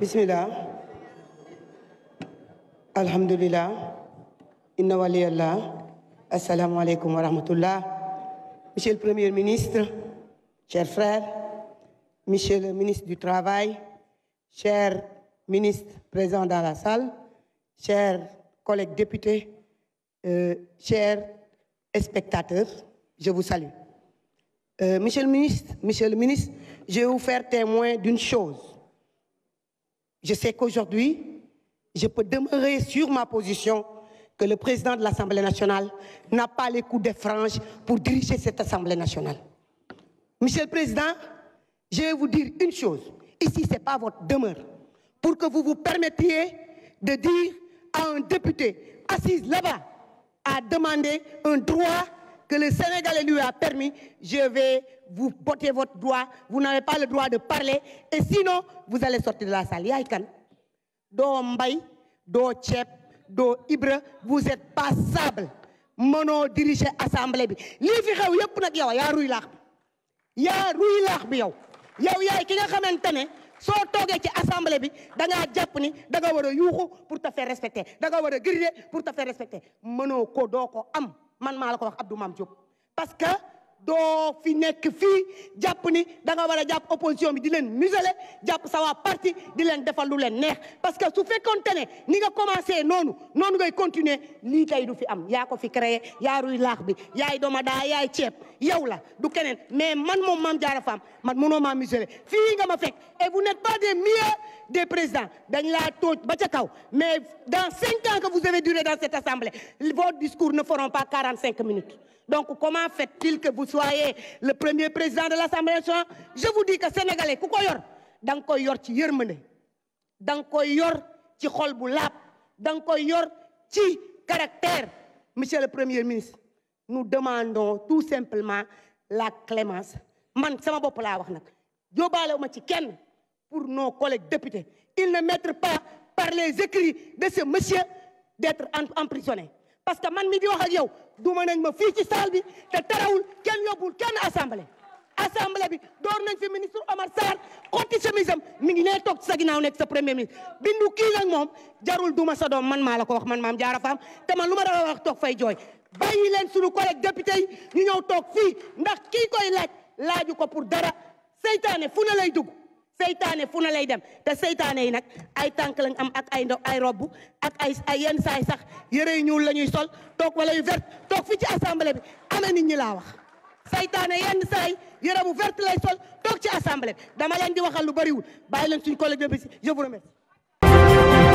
bismillah alhamdulillah inna waliyallah assalamu aleykum wa rahmatullah monsieur le premier ministre chers frères monsieur le ministre du travail chers ministre présents dans la salle chers collègues députés cher euh, chers spectateurs je vous salue euh, monsieur le ministre monsieur le ministre je vais vous témoin d'une chose Je sais qu'aujourd'hui, je peux demeurer sur ma position que le président de l'Assemblée nationale n'a pas les coups de frange pour diriger cette Assemblée nationale. Monsieur le Président, je vais vous dire une chose. Ici, ce n'est pas votre demeure. Pour que vous vous permettiez de dire à un député assis là-bas à demander un droit que le Sénégalais lui a permis, je vous bottez votre droit, vous n'avez pas le droit de parler, et sinon, vous allez sortir de la salle. Yaay kan doo mbay doo ceeb doo Ibra vous êtes passable mënoo diriger assemblée bi lii fi xew yépp nag yow yaa ruy laax bi yaa yow yow yaay ki nga xamante ne soo toogee ci assemblée bi da ngaa jàpp ni da nga war a yuuxu pour te faire respecter da nga war a griller pour te faire respecter mënoo ko doo am man maa la ko wax Abdou Mame Diop parce que doo fi nekk fi jàpp ni da nga war a jàpp opposition bi di leen museler jàpp sa waa parti di leen defalu leen neex parce que su fekkoonte tene ni nga commencé noonu noonu ngay continuer lii tay du fi am yaa ko fi créé yaaru ruy laax bi yaay doma daa yaay ceeb yow la du keneen mais man moom Mame Diarra Fam man mënoo maa museler fii nga ma fekk et vous n'êtes pas des meilleurs des présidents dañ laa tooj ba ca kaw mais dans cinq ans que vous avez duré dans cette assemblée vos discours ne feront pas Donc comment fait-il que vous soyez le premier président de l'Assemblée nationale Je vous dis que Sénégalais ku ko yor da nga koy yor ci yërmande da nga koy yor ci xol bu laab da nga koy yor ci caractère monsieur le premier ministre nous demandons tout simplement la clémence man sama bopp wax nag jóobaale ma ci kenn pour nos collègues députés ils ne méritent pas par les écrits de ce monsieur d'être emprisonné parce que man mi di wax ak yow duma nañ ma fii ci salle bi te tarawul kenn yóbbul kenn assemblée assemblée bi door nañ fi ministre Omar Sarr xotti mi ngi nee toog sa ginnaaw nekk sa premier ministre bindu kii ak moom jarul duma sa doom man maa la ko wax man maam jaara faam te man lu ma dala wax toog fay jooy bàyyi leen suñu collègue député yi ñu ñëw toog fii ndax kii koy laaj laaju ko pour dara seytaane fu na lay dugg seytaane fu na lay dem te seytaane yi nag ay tànk lañ am ak ay ay robb ak ay ay yenn saay sax yëre yu ñuul la ñuy sol toog wala yu vert toog fi ci assemblée bi amee nit ñi laa wax seytaane yenn saay yëre bu vert lay sol toog ci assemblée bi dama leen di waxal lu bariwul bàyyi leen suñ collègue bi je vous